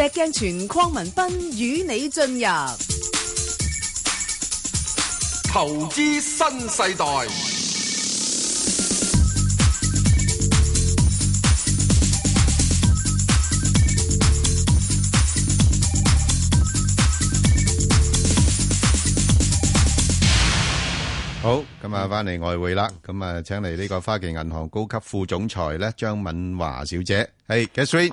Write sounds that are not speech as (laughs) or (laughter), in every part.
石鏡泉鄺文斌與你進入投資新世代。好，今日翻嚟外匯啦，咁啊，請嚟呢個花旗銀行高級副總裁咧張敏華小姐，係 Katherine。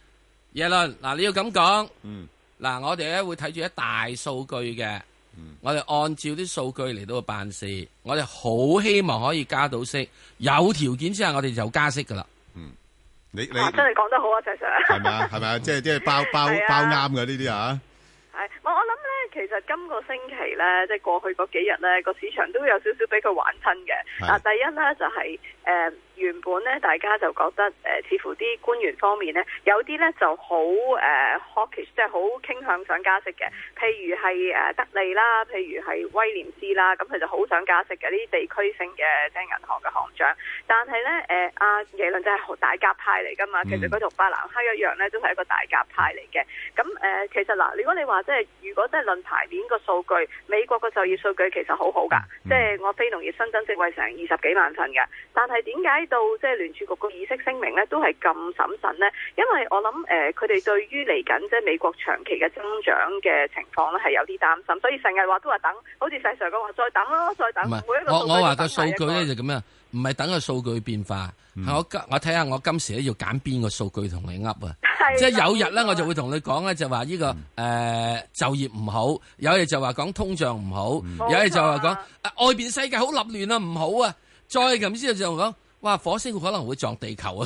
耶倫，嗱你要咁講，嗱、嗯、我哋咧會睇住一大數據嘅，嗯、我哋按照啲數據嚟到辦事，我哋好希望可以加到息，有條件之下我哋就加息噶啦。嗯，你你、啊、真係講得好啊，謝謝、Sir。係咪係咪，即係即係包包包啱嘅呢啲啊。係、啊，我我諗咧，其實今個星期咧，即、就、係、是、過去嗰幾日咧，個市場都有少少俾佢玩親嘅。啊是，第一咧就係、是、誒。嗯原本咧，大家就覺得誒、呃，似乎啲官員方面咧，有啲咧就好誒、呃、即係好傾向想加息嘅。譬如係誒德利啦，譬如係威廉斯啦，咁佢就好想加息嘅呢啲地區性嘅即係銀行嘅行長。但係咧誒，阿、呃啊、耶倫就係大鴿派嚟㗎嘛，其實佢同伯南克一樣咧，都係一個大鴿派嚟嘅。咁誒、呃，其實嗱，如果你話即係如果即係論牌面個數據，美國個就業數據其實好好㗎，即係我非農業新增職位成二十幾萬份嘅，但係點解，到即係聯儲局個議息聲明咧，都係咁審慎咧。因為我諗誒，佢哋對於嚟緊即係美國長期嘅增長嘅情況咧，係有啲擔心，所以成日話都話等，好似細常講話再等咯，再等。唔係，我我話個數據咧就咁樣，唔係等個數據變化，係我我睇下我今時咧要揀邊個數據同你噏啊。係即係有日咧，我就會同你講咧，就話呢個誒就業唔好，有嘢就話講通脹唔好，有嘢就話講外邊世界好立亂啊唔好啊，再咁之類就講。哇！火星可能會撞地球啊！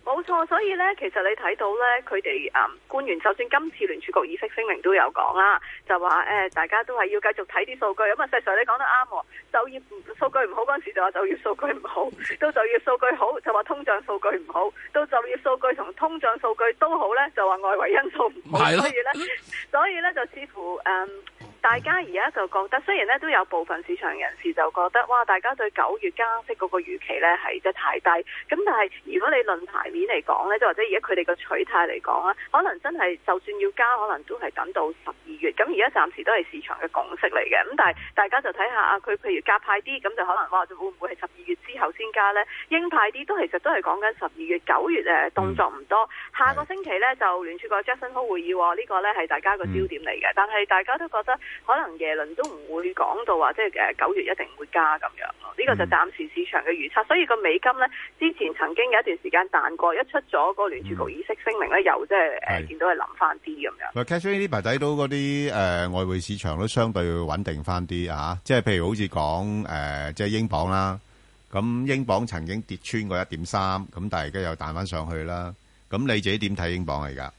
冇 (laughs) 錯，所以呢，其實你睇到呢，佢哋啊官員，就算今次聯儲局議息聲明都有講啦，就話誒、呃，大家都係要繼續睇啲數據。咁啊，細常你講得啱，就業數據唔好嗰陣時就話就業數據唔好，到就業數據好就話通脹數據唔好，到就業數據同通脹數據都好呢，就話外圍因素唔好。所以呢， (laughs) 所以就似乎誒。嗯大家而家就覺得，雖然咧都有部分市場人士就覺得，哇！大家對九月加息嗰個預期咧係真係太低。咁但係如果你論牌面嚟講咧，即或者而家佢哋個取態嚟講啦，可能真係就算要加，可能都係等到十二月。咁而家暫時都係市場嘅共識嚟嘅。咁但係大家就睇下啊，佢譬如鴿派啲，咁就可能哇，會唔會係十二月之後先加咧？鷹派啲都其實都係講緊十二月、九月誒動作唔多。下個星期咧就聯儲局 Jackson Hole 會議喎，呢、這個咧係大家個焦點嚟嘅。但係大家都覺得。可能耶倫都唔會講到話，即係誒九月一定會加咁樣咯。呢、這個就暫時市場嘅預測，嗯、所以個美金咧之前曾經有一段時間彈過，一出咗個聯儲局議息聲明咧，又即係誒見到係冧翻啲咁樣。Cashier 呢排睇到嗰啲誒外匯市場都相對穩定翻啲啊，即係譬如好似講誒即係英鎊啦，咁英鎊曾經跌穿過一點三，咁但係而家又彈翻上去啦。咁你自己點睇英鎊啊？而家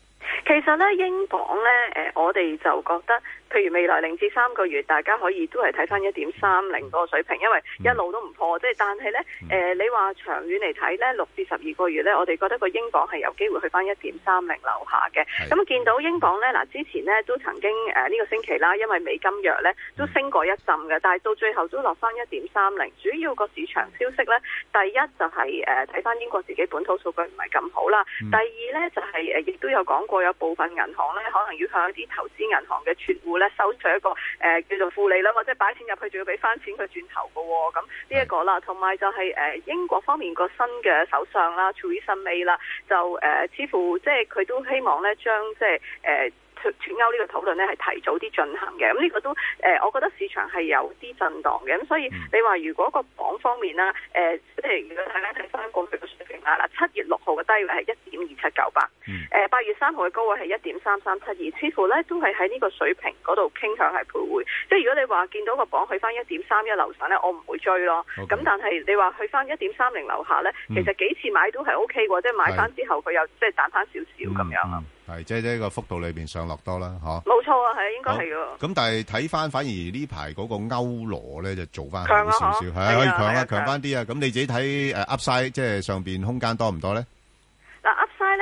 其實咧，英鎊咧誒，我哋就覺得。譬如未來零至三個月，大家可以都係睇翻一點三零嗰個水平，因為一路都唔破。即係但係呢，誒、呃、你話長遠嚟睇呢六至十二個月呢，我哋覺得個英鎊係有機會去翻一點三零樓下嘅。咁是的、嗯、見到英鎊呢，嗱之前呢都曾經誒呢、呃這個星期啦，因為美金弱呢都升過一陣嘅，但係到最後都落翻一點三零。主要個市場消息呢，第一就係誒睇翻英國自己本土數據唔係咁好啦。第二呢，就係誒亦都有講過有部分銀行呢，可能要向一啲投資銀行嘅存戶。咧收取一個誒、呃、叫做負利啦，或者擺錢入去，仲要俾翻錢佢轉頭嘅喎。咁呢一個啦，同埋就係、是、誒、呃、英國方面個新嘅首相啦 Johnson 啦，就誒、呃、似乎即係佢都希望咧將即係。誒、呃。脫脫歐呢個討論呢，係提早啲進行嘅，咁、嗯、呢、這個都誒、呃，我覺得市場係有啲震盪嘅。咁、嗯、所以你話如果個榜方面啦，誒、呃，即係如，如果大家睇翻過去嘅水平啦，嗱、呃，七月六號嘅低位係一點二七九八，誒、呃，八月三號嘅高位係一點三三七二，似乎呢都係喺呢個水平嗰度傾向係徘徊。即係如果你話見到個榜去翻一點三一樓上呢，我唔會追咯。咁 Okay. 但係你話去翻一點三零樓下呢，其實幾次買都係 O K 嘅，即係買翻之後佢又即係賺翻少少咁樣。對係，即係呢個幅度裏邊上落多啦，嚇。冇錯啊，係應該係嘅。咁但係睇翻，反而呢排嗰個歐羅咧就做翻強少少啊，嚇。係可以強啊，強翻啲啊！咁你自己睇誒 Upside，即係上邊空間多唔多咧？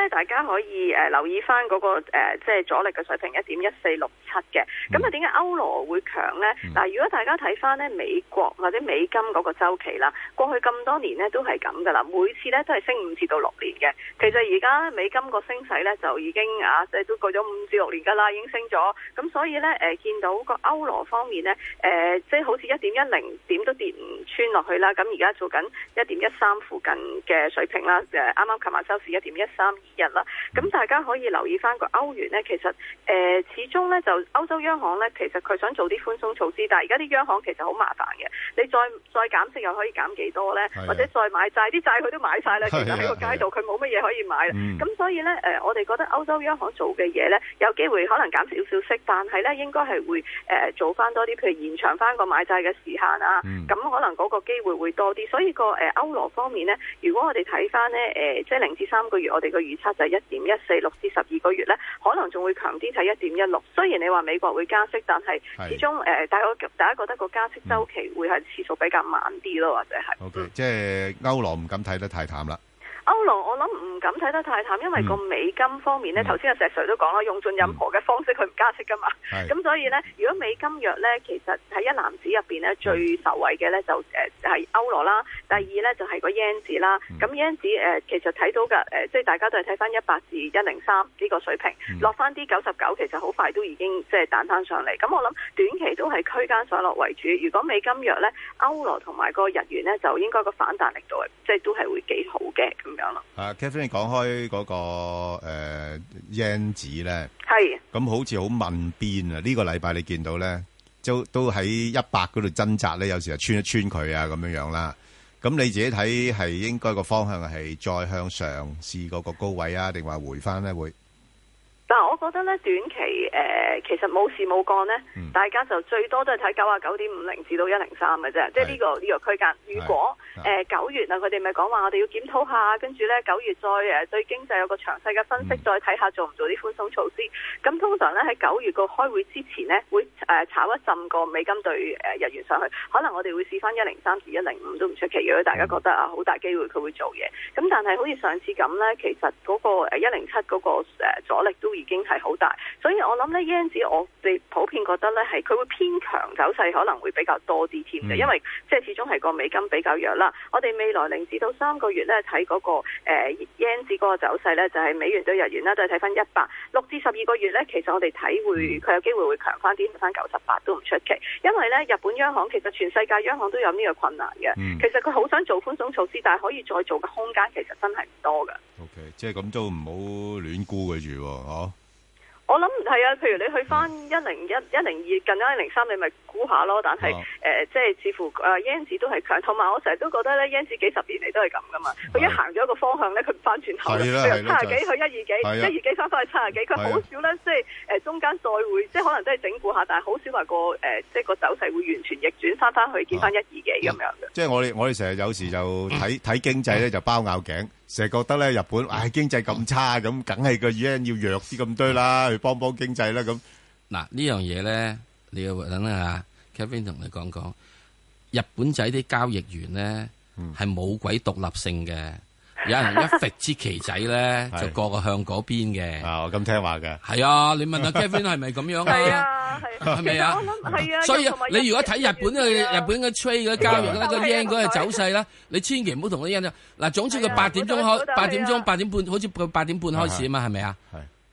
大家可以誒留意翻、那、嗰個即係、呃就是、阻力嘅水平一點一四六七嘅，咁啊點解歐羅會強呢？嗱，如果大家睇翻呢美國或者美金嗰個週期啦，過去咁多年呢都係咁噶啦，每次呢都係升五至到六年嘅。其實而家美金個升勢呢，就已經啊，即、就、係、是、都過咗五至六年噶啦，已經升咗。咁所以呢，誒、呃、見到個歐羅方面呢，誒、呃，即、就、係、是、好似一點一零點都跌唔穿落去啦。咁而家做緊一點一三附近嘅水平啦，誒啱啱琴晚收市一點一三。日啦，咁、嗯嗯、大家可以留意翻個歐元呢。其實誒、呃、始終呢，就歐洲央行呢，其實佢想做啲寬鬆措施，但係而家啲央行其實好麻煩嘅。你再再減息又可以減幾多呢？的或者再買債，啲債佢都買晒啦，的其實喺個街度佢冇乜嘢可以買啦。咁、嗯、所以呢，誒，我哋覺得歐洲央行做嘅嘢呢，有機會可能減少少息，但係呢應該係會誒、呃、做翻多啲，譬如延長翻個買債嘅時限啊。咁、嗯嗯、可能嗰個機會會多啲。所以個誒歐羅方面呢，如果我哋睇翻呢，誒、呃呃，即係零至三個月我哋個預差就係一點一四六，至十二個月咧，可能仲會強啲就係一點一六。雖然你話美國會加息，但係始終誒是、呃，大家大家覺得個加息周期會係次數比較慢啲咯，嗯、或者係。O Okay . K，、嗯、即係歐羅唔敢睇得太淡啦。歐羅我諗唔敢睇得太淡，因為個美金方面呢，頭先阿石 Sir 都講啦，用盡任何嘅方式去唔加息噶嘛。咁是所以呢，如果美金弱呢，其實喺一籃子入邊呢最受惠嘅呢，就誒係歐羅啦。第二呢，就係個 yen 紙啦。咁 yen 紙誒其實睇到嘅誒即係大家都係睇翻一百至一零三呢個水平，嗯、落翻啲九十九，其實好快都已經即係彈翻上嚟。咁我諗短期都係區間上落為主。如果美金弱呢，歐羅同埋個日元呢，就應該個反彈力度即係、就是、都係會幾好嘅。啊，Kevin 講開嗰個誒，英紙咧，係咁好似好問邊啊！呢個禮拜你見到咧，都都喺一百嗰度掙扎咧，有時啊穿一穿佢啊，咁樣樣啦。咁你自己睇係應該個方向係再向上試嗰個高位啊，定話回翻咧會。我覺得咧短期誒、呃、其實冇事冇幹呢，嗯、大家就最多都係睇九啊九點五零至到一零三嘅啫，對即係呢個呢個區間。如果誒對、呃、九月啊，佢哋咪講話我哋要檢討下，跟住呢九月再誒、呃、對經濟有個詳細嘅分析，再睇下做唔做啲寬鬆措施。咁、嗯、通常呢，喺九月個開會之前呢，會誒、呃、炒一浸個美金對誒日元上去，可能我哋會試翻一零三至一零五都唔出奇嘅，大家覺得啊，好大機會佢會做嘢，咁、嗯、但係好似上次咁呢，其實嗰個一零七嗰個阻力都已經係好大，所以我諗咧，yen 紙我哋普遍覺得咧係佢會偏強走勢可能會比較多啲添嘅。嗯、因為即係始終係個美金比較弱啦。我哋未來零至到三個月咧睇嗰個誒 yen 紙嗰個走勢咧，就係、是、美元對日元啦，就係睇翻一百六至十二個月咧，其實我哋睇會佢、嗯、有機會會強翻啲，睇翻九十八都唔出奇。因為咧，日本央行其實全世界央行都有呢個困難嘅，嗯、其實佢好想做寬鬆措施，但係可以再做嘅空間其實真係唔多噶。O、okay, K，即係咁都唔好亂估佢住，吓、啊。我諗唔係啊，譬如你去翻一零一、一零二、近啱一零三，你咪估下咯。但係誒、啊呃，即係似乎誒、啊，英治都係強，同埋我成日都覺得咧，英治幾十年嚟都係咁噶嘛。佢是、啊、一行咗一個方向咧，佢唔翻轉頭啦。譬如七廿幾去一二幾，一二幾翻翻去七廿幾，佢好少咧，即係誒、呃、中間再會，即係可能都係整固下，但係好少話個誒、呃，即係個走勢會完全逆轉，翻翻去見翻一二幾咁樣嘅是、啊。即係我哋我哋成日有時就睇睇、嗯、經濟咧，就包拗頸。成日覺得咧日本，唉經濟咁差，咁梗係個 yen 要弱啲咁多啦，去幫幫經濟啦咁。嗱呢樣嘢咧，你要等下 Kevin 同你講講，日本仔啲交易員咧，係冇鬼獨立性嘅。有人一搣支旗仔咧，就個個向嗰邊嘅哦，咁聽話嘅。係啊，你問下 Kevin 係咪咁樣嘅？係啊，係咪啊？係啊。所以你如果睇日本嘅日本嘅 trade 交易咧，個 yen 嗰個走勢咧，你千祈唔好同啲人啦。嗱，總之佢八點鐘開，八點鐘八點半，好似八點半開始啊嘛，係咪啊？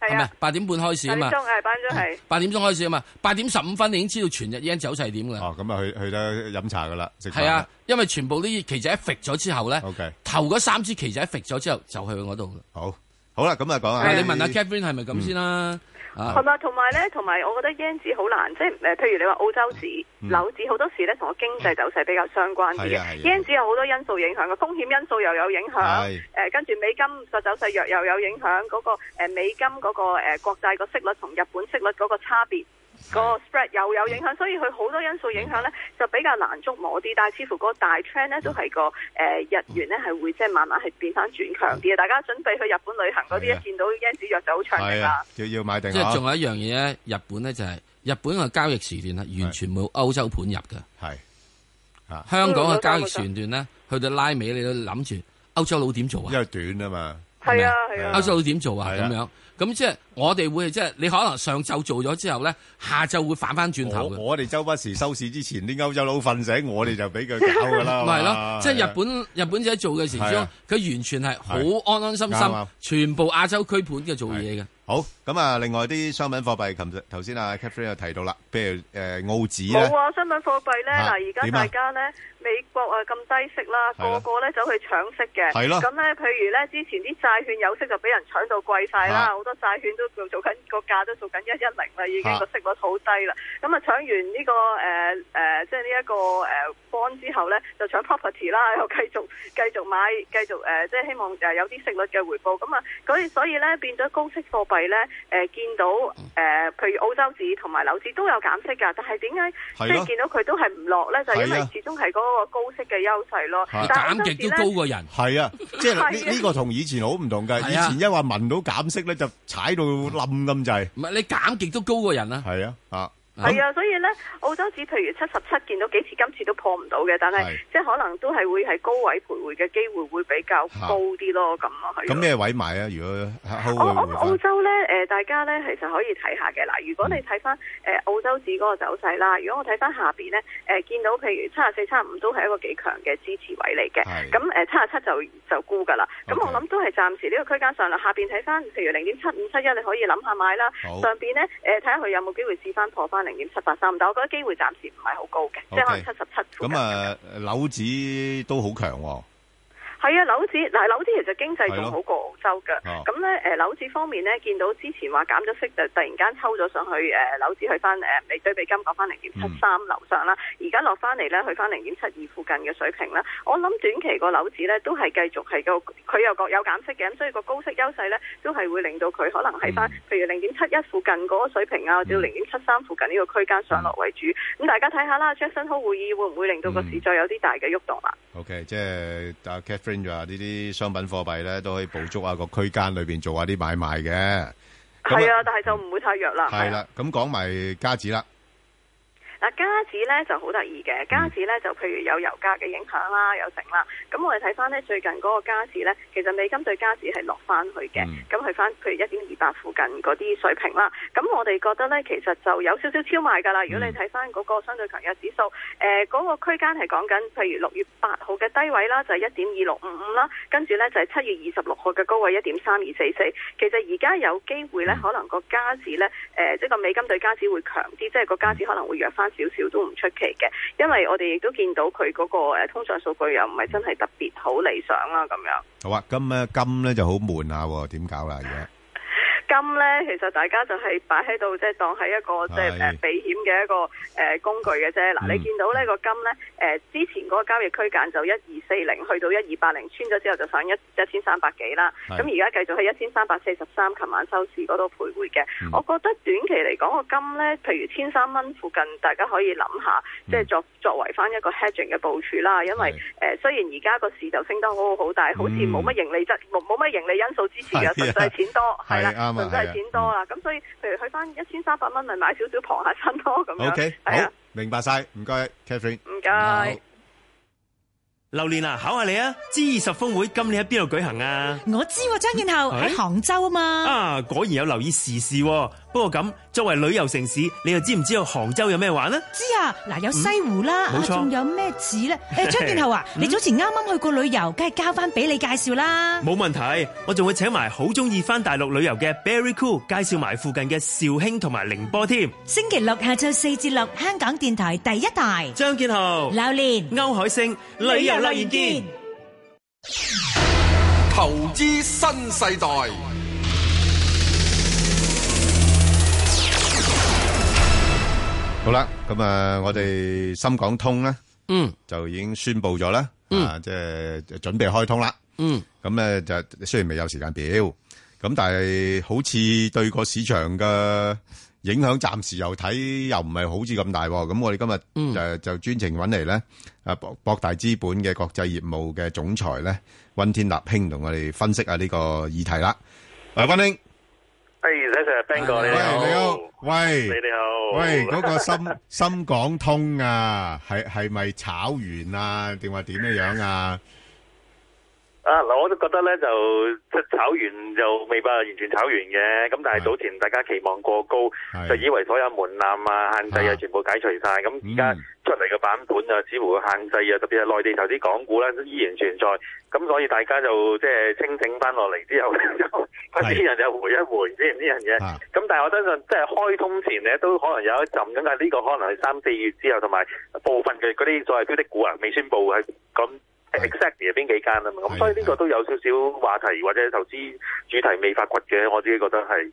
係咪？八點半開始啊嘛，八點係，八點鐘係。八點鐘開始啊嘛，八點十五分你已經知道全日已經走晒點㗎啦。哦，咁、嗯、啊去去咧飲茶㗎啦，食飯。係啊，因為全部啲旗仔揈咗之後咧，Okay. 頭嗰三支旗仔揈咗之後就去到嗰度。好，好啦，咁啊講下。你問，問下 Kevin 係咪咁先啦？係嘛，同埋咧，同埋我覺得 yen 紙好難，即係誒、呃，譬如你話澳洲紙、紐紙、嗯，好多時咧同個經濟走勢比較相關啲嘅。yen 紙有好多因素影響嘅，風險因素又有影響，誒的、呃，跟住美金個走勢又又有影響，嗰、那個誒、呃、美金嗰、那個誒、呃、國債個息率同日本息率嗰個差別。個 spread 又有影響，所以佢好多因素影響咧，就比較難捉摸啲。但係似乎個大 trend 咧都係個誒日元咧係會即係慢慢係變翻轉強啲。大家準備去日本旅行嗰啲，見到 yen 資弱就好搶噶。要要買定。即係仲有一樣嘢咧，日本咧就係日本嘅交易時段啦，完全冇歐洲盤入噶。係香港嘅交易時段咧，去到拉尾你都諗住歐洲佬點做啊？因為短啊嘛，係啊係啊，歐洲佬點做啊？係咁樣。咁即係我哋會即係你可能上晝做咗之後咧，下晝會反翻轉頭嘅。我哋周不時收市之前，啲歐洲佬瞓醒，我哋就俾佢搞啦。咪係咯，的即係日本的日本仔做嘅時候，佢的完全係好安安心心，的的全部亞洲區盤嘅做嘢嘅。好。咁啊，另外啲商品貨幣，琴日頭先阿 Catherine 又提到啦，譬如誒澳紙冇啊，商品貨幣咧，嗱而家大家咧，何美國啊咁低息啦，個個咧走去搶息嘅，係咯的，咁咧，譬如咧，之前啲債券有息就俾人搶到貴晒啦，好的多債券都做做緊個價都做緊一一零啦，已經個息率好低啦，咁啊搶完呢、這個誒誒、呃呃，即係呢一個誒 bond 之後咧，呃呃、就搶 property 啦，又繼續繼續買，繼續誒、呃，即係、呃呃、希望誒有啲息率嘅回報，咁啊，所以 G 5: so, 所以咧變咗高息貨幣咧。誒、呃，見到誒、呃，譬如澳洲紙同埋紐紙都有減息噶，但係點解即係見到佢都係唔落咧？啊、就係因為始終係嗰個高息嘅優勢咯。減極都高過人，係啊，即係呢呢個同以前好唔同㗎。以前一話聞到減息咧，就踩到冧咁滯。唔係你減極都高過人啦，係啊，啊。係好啊，所以咧，澳洲指譬如七十七，見到幾次，今次都破唔到嘅。但係是即係可能都係會係高位徘徊嘅機會會比較高啲咯，咁咯是。咁咩樣位買啊？如果我我、哦、澳洲咧，誒、呃、大家咧，其實可以睇下嘅嗱。如果你睇翻誒澳洲指嗰個走勢啦，如果我睇翻下邊咧，誒、呃、見到譬如七十四、七十五都係一個幾強嘅支持位嚟嘅，咁誒七十七就就沽㗎啦。咁 Okay. 我諗都係暫時呢個區間上啦，下邊睇翻譬如零點七五七一，你可以諗下買啦。好上邊咧誒睇下佢有冇機會試翻破翻。零點七八三，但我覺得機會暫時唔係好高嘅，即係可能七十七。咁啊，樓指都好強。係啊，樓市嗱，樓市其實經濟仲好過澳洲嘅。咁咧，誒樓市方面咧，見到之前話減咗息就突然間抽咗上去子，誒樓市去翻誒，美對比金講翻零點七三樓上啦，而家落翻嚟咧，去翻零點七二附近嘅水平啦。我諗短期個樓市咧都係繼續係個，佢又各有減息嘅，咁所以個高息優勢咧都係會令到佢可能喺翻，譬如零點七一附近嗰個水平啊，至到零點七三附近呢個區間上落為主。咁、嗯嗯、大家睇下啦，Jackson Hole 會議會唔會令到個市再有啲大嘅喐動啦，嗯？OK，即係、uh, 呢啲商品貨幣咧都可以捕捉下個區間裏邊做下啲買賣嘅，係啊，但係就唔會太弱啦。係啦，咁講埋家子啦。嗱，加指咧就好得意嘅，加指咧就譬如有油價嘅影響啦，有成啦。咁我哋睇翻呢最近嗰個加指咧，其實美金對加指係落翻去嘅，咁去翻譬如一點二八附近嗰啲水平啦。咁我哋覺得咧，其實就有少少超賣㗎啦。如果你睇翻嗰個相對強弱指數，誒、呃、嗰、那個區間係講緊譬如六月八號嘅低位啦，就係一點二六五五啦，跟住咧就係、是、七月二十六號嘅高位一點三二四四。其實而家有機會咧，可能個加指咧，誒、呃、即係個美金對加指會強啲，即係個加指可能會弱翻。少少都唔出奇嘅，因為我哋亦都見到佢嗰個誒通脹數據又唔係真係特別好理想啦，咁樣好啊，金咧金咧就好悶啊，喎，點搞啦？而家？金咧，其實大家就係擺喺度，即係當係一個即係誒避險嘅一個誒、呃、工具嘅啫。嗱、嗯，你見到呢個金咧，誒之前個交易區間就一二四零，去到一二八零，穿咗之後就上一一千三百幾啦。咁而家繼續喺一千三百四十三，琴晚收市嗰度徘徊嘅。嗯、我覺得短期嚟講個金咧，譬如千三蚊附近，大家可以諗下，嗯、即係作作為翻一個 hedging 嘅部署啦。因為誒是、呃，雖然而家個市就升得好好，但係好似冇乜盈利質，冇冇乜盈利因素支持嘅，實際錢多係啦。 對真係錢多啦，咁、嗯、所以譬如去翻一千三百蚊嚟買少少螃蟹身多咁樣。O Okay , K，嗎好，明白晒，唔該，Catherine，唔該。謝謝好榴蓮啊，考下你啊，G 二十峰會今年喺邊度舉行啊？我知喎、啊，張建豪喺杭州啊嘛。啊，果然有留意時事喎、啊。不過咁，作為旅遊城市，你又知唔知道杭州有咩玩呢？知啊，嗱，有西湖啦，仲、嗯、有咩寺咧？誒，冇錯，張建豪啊，嗯、你早前啱啱去過旅遊，梗係交翻俾你介紹啦。冇問題，我仲會請埋好中意翻大陸旅遊嘅 Berry Cool 介紹埋附近嘅紹興同埋寧波添。星期六下晝四至六，6，香港電台第一台。張建豪、劉年、歐海星，旅遊樂園見。投資新世代。好啦，咁啊，我哋深港通咧，嗯，就已經宣布咗啦，啊，即係準備開通啦，嗯，咁咧就雖然未有時間表，咁但係好似對個市場嘅影響暫時又睇又唔係好似咁大，咁我哋今日誒就專程揾嚟，咧，啊博博大資本嘅國際業務嘅總裁咧溫天納兄同我哋分析下呢個議題啦，喂溫兄。Hey, Sir, 喂，誒，呢隻係邊個咧？你好，喂，你好，喂，嗰好、嗰個深深港通啊，係係咪炒完啊？定話點樣樣啊？啊！嗱，我都覺得咧，就即係炒完就未必完全炒完嘅。咁但係早前大家期望過高，的就以為所有門檻啊、限制啊，的全部解除晒。咁而家出嚟嘅版本啊，似乎個限制啊，嗯、特別係內地投資港股咧、啊，依然存在。咁所以大家就即係、就是、清醒翻落嚟之後咧，呢樣的 (laughs) 就回一回呢樣呢樣嘢。咁的但係我相信，即係開通前咧，都可能有一陣咁。但係呢個可能係三四月之後，同埋部分嘅嗰啲所謂標的股啊，未宣布係咁。exactly 係邊幾間啊嘛？咁所以呢個都有少少話題或者投資主題未發掘嘅，我自己覺得係。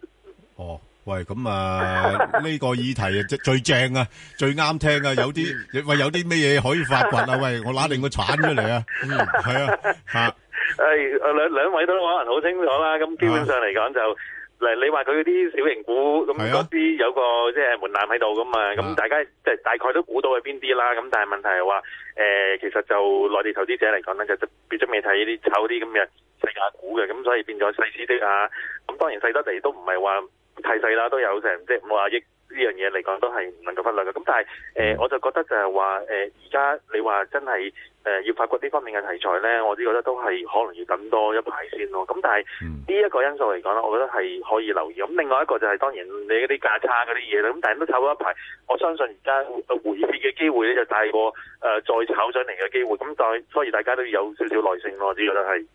哦，喂，咁啊，呢 (laughs) 個議題最最正啊，最啱聽啊，有啲 (laughs) 喂，有啲咩嘢可以發掘啊？喂，我拿定個鏟出嚟啊！ (laughs) 嗯，係啊，吓 (laughs) 、哎，係啊，兩兩位都可能好清楚啦。咁基本上嚟講就。 (laughs) 嗱，你話佢啲小型股咁嗰啲有個即係、就是、門檻喺度噶嘛？咁、啊、大家即係、就是、大概都估到係邊啲啦。咁但係問題係話，誒、呃、其實就內地投資者嚟講咧，就特別未睇呢啲炒啲咁嘅世界股嘅，咁、嗯、所以變咗細資啲啊。咁、嗯、當然細得嚟都唔係話太細啦，都有成即係五廿億。呢樣嘢嚟講都係唔能夠忽略嘅，咁但係誒、呃，我就覺得就係話誒，而、呃、家你話真係誒、呃、要發掘呢方面嘅題材咧，我呢覺得都係可能要等多一排先咯。咁但係呢一個因素嚟講咧，我覺得係可以留意。咁、嗯、另外一個就係、是、當然你啲價差嗰啲嘢咁大家都炒咗一排，我相信而家回跌嘅機會咧就大過誒、呃、再炒上嚟嘅機會。咁但係所以大家都要有少少耐性咯。呢個都係。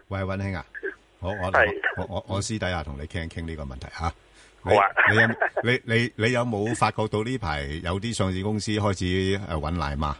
(laughs) 喂，溫兄啊，我我 (laughs) 我我，我，我私底下同你傾一傾呢個問題吓。啊你有你你你有冇發覺到呢排有啲上市公司開始誒、搵奶媽，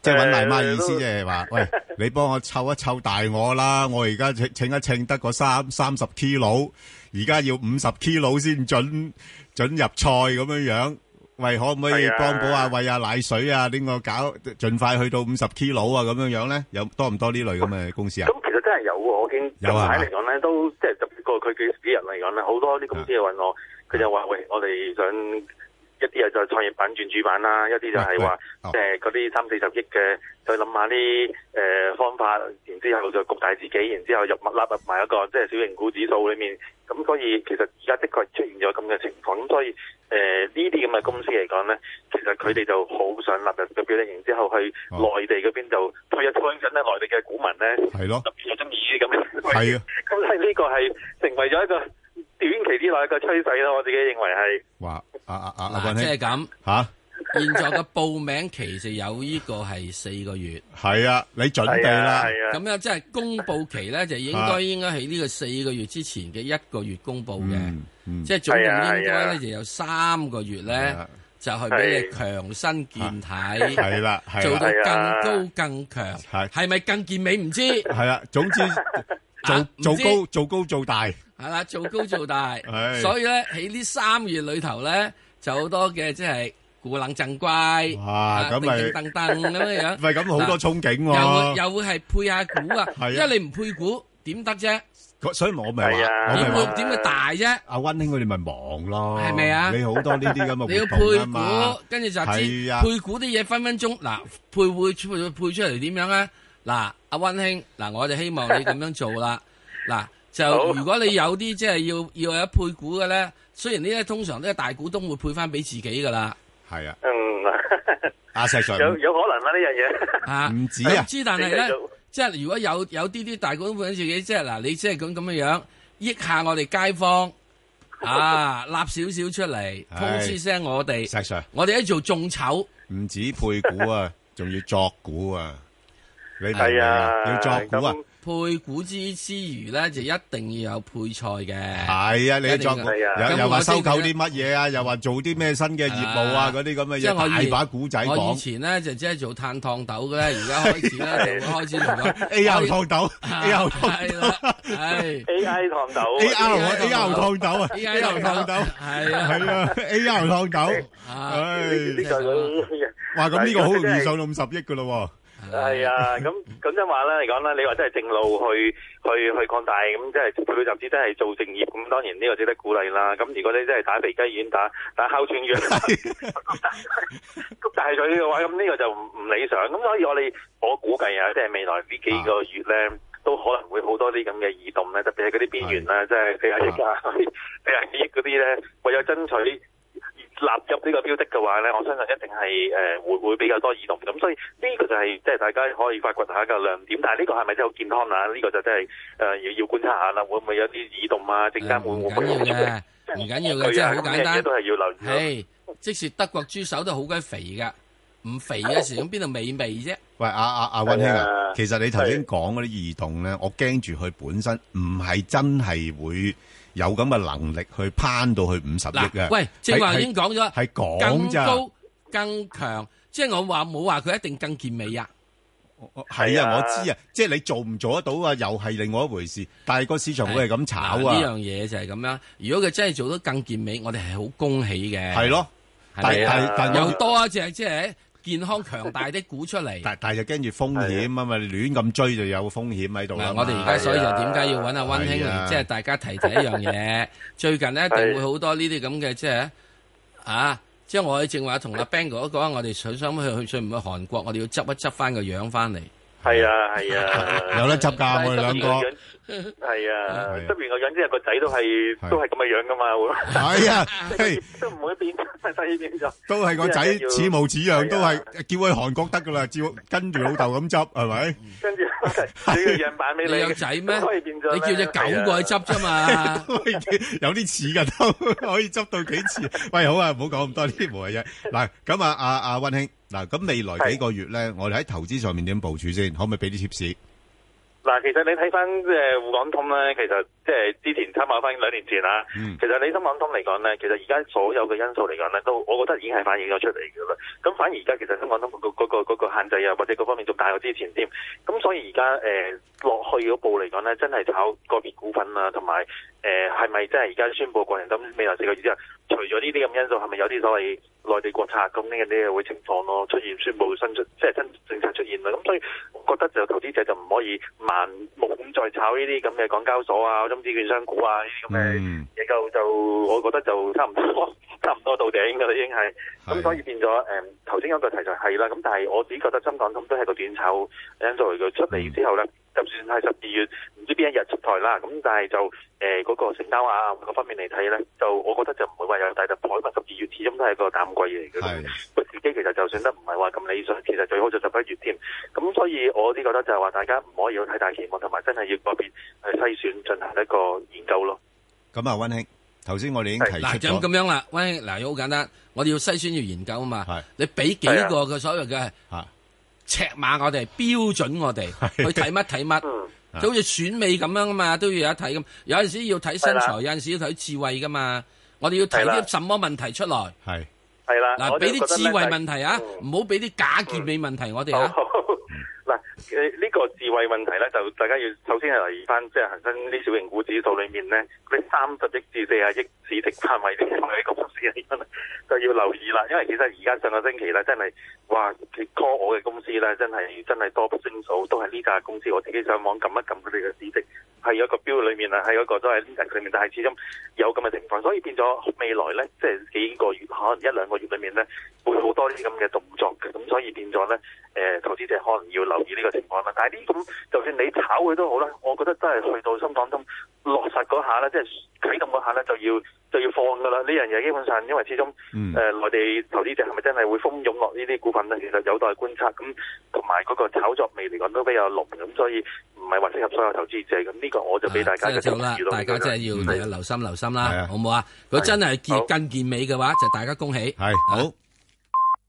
即係搵奶媽意思即係話，喂，你幫我湊一湊大我啦，我而家請請一稱得個三三十 kilo，而家要五十 kilo 先准准入賽咁樣樣。喂，可唔可以幫補下、啊、喂、啊，下奶水啊？呢個搞盡快去到五十 kilo 啊，咁樣樣咧，有多唔多呢類咁嘅公司啊？咁其實真係有喎，我見近排嚟講咧，都即係特別過佢幾日嚟講咧，好多啲公司嚟揾我，佢就話：喂，我哋想。一啲又就創業板轉主板啦，一啲就係話，即係嗰啲三四十億嘅，再諗下啲誒方法，然之後就局大自己，然之後入納入埋一個即係小型股指數裏面。咁所以其實而家的確出現咗咁嘅情況，咁所以誒呢啲咁嘅公司嚟講咧，其實佢哋就好想納入個表，然之後去內地嗰邊就推一推緊咧內地嘅股民咧，特別又中意啲咁。係啊，咁係呢個係成為咗一個短期之內一個趨勢啦。我自己認為係。哇！啊啊啊！即係咁吓，現在嘅報名期就有呢個係四個月。係啊，你準備啦。係啊，咁樣即係公布期咧，就應該應該喺呢個四個月之前嘅一個月公布嘅。嗯，即係總共應該咧就有三個月咧，就去俾你強身健體。係啦，係做到更高更強。係，係咪更健美唔知？係啦，總之。做做高做高做大，係啦做高做大，所以咧喺呢三月裏頭咧就好多嘅即係股冷震怪，哇咁咪噔噔咁樣樣，咪咁好多憧憬喎，又會又會係配下股啊，因為你唔配股點得啫，所以咪我咪話，點點會大啫，阿溫兄佢哋咪忙咯，係咪啊？你好多呢啲咁嘅活動啊嘛，你要配股，跟住就知配股啲嘢分分鐘嗱配配配配出嚟點樣咧？嗱，阿溫兄，嗱、啊，我就希望你咁樣做啦。嗱、啊，就如果你有啲即係要要有配股嘅咧，雖然呢啲通常都係大股東會配翻俾自己噶啦。係啊。嗯、啊，阿、啊、Sir 有。有有可能啦呢樣嘢。吓、啊，唔止啊。唔止、嗯，但係咧，即係如果有有啲啲大股東配緊自己，即係嗱、啊，你即係咁咁嘅樣，益下我哋街坊，啊，納少少出嚟，通知聲我哋。我哋一做眾籌。唔止配股啊，仲要作股啊。你係啊，要作股啊！配股之之餘咧，就一定要有配菜嘅。係啊，你作股又又話收購啲乜嘢啊？又話做啲咩新嘅業務啊？嗰啲咁嘅嘢，大把股仔講。我以前咧就只係做碳燙豆嘅，而家開始咧就會開始用 A R 燙豆，A R 燙係 A I 燙豆，A R 啊 A R 燙豆啊，A R 燙豆係係啊 A R 燙豆，唉呢就話咁呢個好容易上到五十億㗎咯喎！係 (laughs) 啊，咁咁即係話咧嚟講咧，你話真係正路去去去擴大咁，嗯，即係儲備集資，真係做正業，咁當然呢個值得鼓勵啦。咁如果你真係打肥雞丸打打烤串嘅咁大嘴嘅話，咁呢個就唔唔理想。咁所以我哋我估計啊，即係未來呢幾個月咧，都可能會好多啲咁嘅移動咧，特別係嗰啲邊緣啊，的即係幾廿億家，幾廿億嗰啲咧，為咗爭取。納入呢個標的嘅話咧，我相信一定係誒會會比較多異動咁，所以呢個就係即係大家可以發掘一下嘅亮點。但係呢個係咪真係好健康啊？呢個就真係誒要要觀察下啦，會唔會有啲異動啊？陣間會唔會出嚟？唔緊要嘅，唔緊要嘅，即係好簡單，都係要留意。即使德國豬手都好鬼肥㗎。唔肥嘅時，咁邊度美味啫？喂，阿阿阿溫兄啊，其實你頭先講嗰啲異動咧，我驚住佢本身唔係真係會有咁嘅能力去攀到去五十億嘅。喂，正話已經講咗，係講咋，更高更強，即係我話冇話佢一定更健美啊。我我係啊，我知啊，即係你做唔做得到啊，又係另外一回事。但係個市場會係咁炒啊。呢樣嘢就係咁樣。如果佢真係做得更健美，我哋係好恭喜嘅。係咯，但但但又多一隻，即係。健康強大的股出嚟， (laughs) 但但就跟住風險是啊嘛，亂咁追就有風險喺度。我哋而家所以是、啊、就點解要揾阿溫馨，即係大家提提一樣嘢。 (laughs) 最近咧一定會好多呢啲咁嘅，即、就、係、是、啊，即、就、係、是、我哋正話同阿 Bang 哥講，我哋想想去去唔去韓國，我哋要執一執翻個樣翻嚟。係啊，係啊，有得執噶，我哋兩個。係啊，執完個樣即係個仔都係都係咁嘅樣噶嘛。係啊，都唔會變噶，第二點就都係個仔似模似樣，都係叫佢韓國得噶啦，照跟住老豆咁執係咪？跟住你個樣擺咩？你個仔咩？可以變咗咩？你叫隻狗過去執啫嘛。可以有啲似噶都，可以執到幾似。喂，好啊，唔好講咁多啲無謂嘢。嗱，咁啊，阿阿温兄。嗱，咁未來幾個月呢，是我哋喺投資上面點部署先？可唔可以俾啲貼士？嗱，其實，嗯、其實你睇翻即係滬港通咧，其實即係之前參考翻兩年前啦。其實你深港通嚟講咧，其實而家所有嘅因素嚟講咧，都我覺得已經係反映咗出嚟嘅啦。咁反而而家其實深港通嗰、那個嗰、那個那個限制啊，或者各方面仲大過之前添、啊。咁所以而家誒落去嗰步嚟講咧，真係炒個別股份啊，同埋誒係咪真係而家宣布國盈金未來四個月之後，除咗呢啲咁因素，係咪有啲所謂內地國策咁呢啲嘢會情況咯、啊？出現宣布新出，即係真政策出現啦。咁所以我覺得就投資者就唔可以。難冇再炒呢啲咁嘅港交所啊、中資券商股啊呢啲咁嘅，亦就就我覺得就差唔多、差唔多到頂噶啦，已經係咁，的所以變咗誒，頭先有個題材係啦，咁但係我自己覺得深港通都係個短炒因素嚟嘅出嚟之後咧。嗯就算係十二月，唔知邊一日出台啦。咁但係就，誒、呃、嗰、嗰個成交啊，嗰方面嚟睇咧，就我覺得就唔會話有大突破。因為十二月始終都係個淡季嚟嘅，佢自己其實就算得唔係話咁理想，其實最好就十一月添。咁所以我啲覺得就係話大家唔可以有太大期望，同埋真係要改變去篩選進行一個研究咯。咁啊，溫兄，頭先我哋已經提咗咁樣啦。溫兄，嗱，好簡單，我哋要篩選要研究啊嘛。是你俾幾個嘅所謂嘅啊是？尺碼我哋係標準我，我哋的去睇乜睇乜，嗯、就好似選美咁樣啊嘛，都要有一睇咁。有陣時要睇身材，的有陣時要睇智慧噶嘛。我哋要睇啲什麼問題出來？係係的啦，嗱，俾啲智慧問題啊，唔好俾啲假健美問題我哋啊。嗱、嗯。呢個智慧問題咧，就大家要首先係留意翻，即係恒生呢小型股指數裏面咧，佢三十億至四十億市值範圍啲公司，四啊億就要留意啦。因為其實而家上個星期咧，真係話佢 call 我嘅公司咧，真係真係多不勝數，都係呢紮公司。我自己上網撳一撳佢哋嘅市值，係一個表裏面啊，係一個都喺呢紮裏面，但係始終有咁嘅情況，所以變咗未來咧，即係幾個月，可能一兩個月裏面咧，會好多啲咁嘅動作嘅，咁所以變咗咧，誒、呃，投資者可能要留意呢個但係啲咁，就算你炒佢都好啦，我覺得真係去到深港通，落實嗰下咧，即係啟動嗰下咧，就要就要放噶啦。呢樣嘢基本上，因為始終，誒內、嗯呃、地投資者係咪真係會蜂擁落呢啲股份咧？其實有待觀察。咁同埋嗰個炒作味嚟講都比較濃，咁所以唔係話適合所有投資者。咁呢個我就俾大家，知道的大家真係要留心、嗯、留心啦，的好唔好啊？如果真係見近見尾嘅話，就大家恭喜。係好。好好